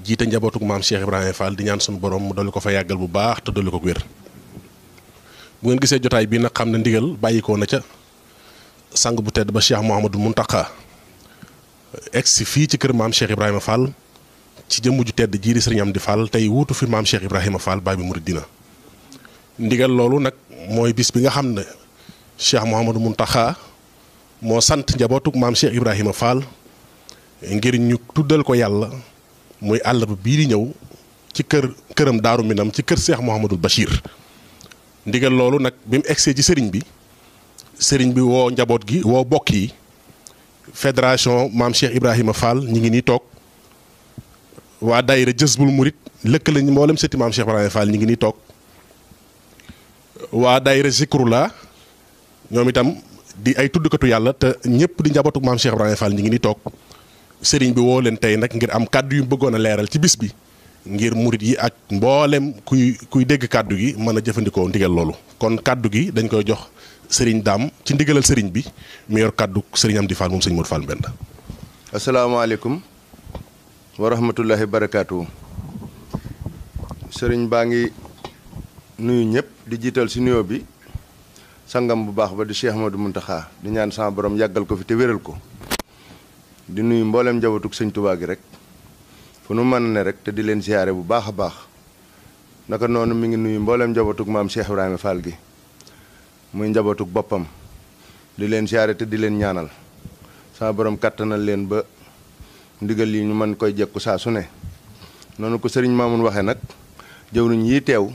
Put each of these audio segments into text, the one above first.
jiite njabootuk maam Cheikh ibrahim Fall di ñaan suñu borom mu dolli ko fa yàggal bu baax te dolli ko wér bu ngeen gisee jotaay bi nag xam ne ndigal bàyyikoo na ca sang bu tedd ba Cheikh Mouhamadou Mountakha egsi fii ci kër maam Cheikh Ibrahima Fall ci jëmm ju tedd jiiri sëriñ di Fall tey wuutu fi maam Cheikh Ibrahima Fall baay bi muridina ndigal loolu nag mooy bis bi nga xam ne Cheikh Mouhamadou moo sant njabootuk maam Cheikh Ibrahima Fall ngir ñu tuddal ko yàlla muy àllarba bii di ñëw ci kër këram daaru minam ci kër seex Mouhamadul Bachir ndigal loolu nag bi mu egsee ci sëriñ bi sëriñ bi woo njaboot gi woo bokk yi fédération maam Cheikh Ibrahima Fall ñi ngi nii toog waa daayira Jësbul Murit lëkkale ñu mboolem sëti maam Cheikh Ibrahima Fall ñi ngi nii toog waa daayira ñoom itam di ay tuddukatu yàlla te ñëpp di njabootu maam Cheikh Ibrahima Fall ñi ngi nii toog. Sering bi woo leen tey nag ngir am kàddu yu ci bis bi ngir murit yi ak mboolem kuy kuy dégg kàddu gi mën a jëfandikoo ndigal loolu kon kàddu gi dañ koy jox sëriñ daam ci ndigalal sëriñ bi mu yor kàddu am di Fall moom sëriñ Modou Fall Mbenda asalaamaaleykum wa rahmatullahi barakaatu sëriñ baa ngi nuyu ñëpp di jiital si bi sangam bu baax ba di Cheikh Ahmadou Muntaxa di ñaan sama borom yàggal ko fi te wéral ko di nuyu mbooleem njabootug sëñ Tuubaa gi rek fu nu mën ne rek te di leen siyaare bu baax a baax naka noonu mi ngi nuyu mbooleem njabootug maam Cheikh Ibrahima Fall gi muy njabootug boppam di leen siyaare te di leen ñaanal saa borom kàttanal leen ba ndigal yi ñu mën koy jekku saa su ne noonu ko sëriñ Mamoun waxee nag jëwriñ yii teew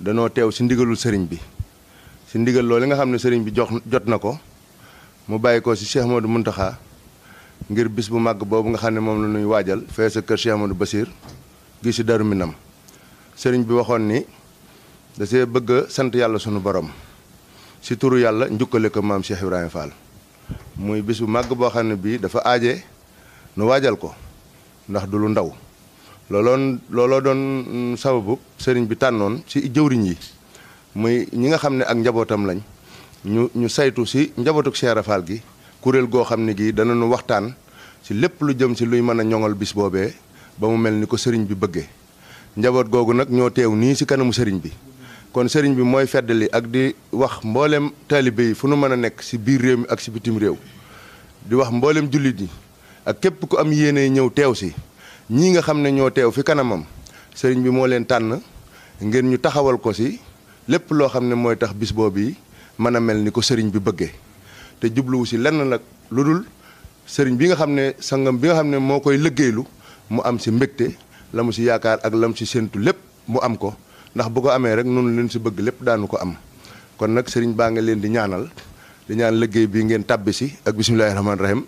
danoo teew si ndigalul sëriñ bi si ndigal loolu nga xam ne sëriñ bi jox jot na ko mu bàyyi ko si Cheikh du Mountakha ngir bis bu màgg boobu nga xam ne moom la nuy waajal fee sa kër Cheikh Amadou Bassir gi si Darou Minam sëriñ bi waxoon ni dasee bëgg a sant yàlla sunu borom si turu yàlla njukkale ko maam Cheikh Ibrahima Fall muy bis bu màgg boo xam ne bii dafa aaje nu waajal ko ndax du lu ndaw looloon looloo doon mm, sababu sëriñ bi tànnoon si jëwriñ yi muy ñi nga xam ne ak njabootam lañ ñu ñu saytu si njabootuk Cheikh Fall gi kurel goo xam ne gii danañu waxtaan ci lépp lu jëm ci luy mën a bis boobee ba mu mel ko sëriñ bi bëggee njaboot googu nag ñoo teew nii ci kanamu sëriñ bi kon sëriñ bi mooy feddali ak di wax mboolem taalibe yi fu nu si a ci biir réew mi ak ci bitim réew di wax mboolem jullit yi ak képp ku am yéene ñëw teew ci ñii nga xam ne ñoo fi kanamam sëriñ bi moo leen tan ngeen ñu taxawal ko ci lépp loo xam ne tax bis boobu mana a mel ko sëriñ bi bëggee te jubluwu si lenn nag lu dul sëriñ bi nga xam ne sangam bi nga xam ne moo koy liggéeylu mu am si mbégte la mu si yaakaar ak la mu si séntu lépp mu am ko ndax bu ko amee rek noonu leen si bëgg lépp daanu ko am kon nag sëriñ baa nga leen di ñaanal di liggéey bi ngeen tàbbi si ak bisimilahi rahmaani rahim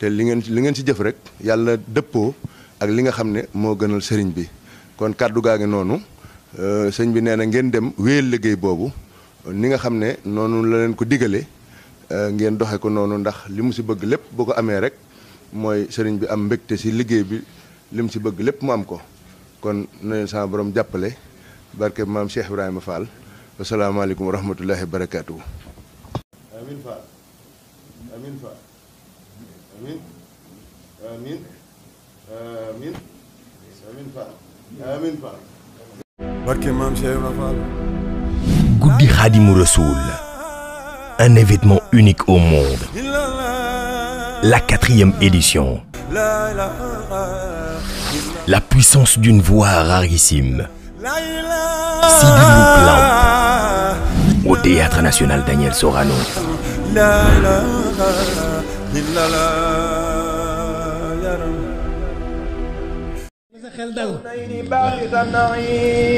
te li ngeen li ngeen si jëf rek yàlla dëppoo ak li nga xam ne moo gënal sëriñ bi kon kàddu gaa ngi noonu euh, sëñ bi nee na ngeen dem wéyal liggéey boobu ni nga xam ne noonu la leen ko digalee Euh, ngeen doxe ko noonu ndax li mu si bëgg lépp boo ko amee rek mooy sëriñ bi am mbégte si liggéey bi li mu si bëgg lépp mu am ko kon na leen sama jàppale barke maam Cheikh Ibrahima Fall asalaamaaleykum guddi xaadimu rasuul un événement unique au monde. La quatrième édition. La puissance d'une voix rarissime. Au Théâtre National Daniel Sorano.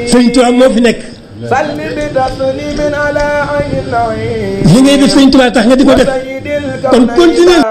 C'est li ngay def sëñ Tuubaa tax nga di ko def kon continuer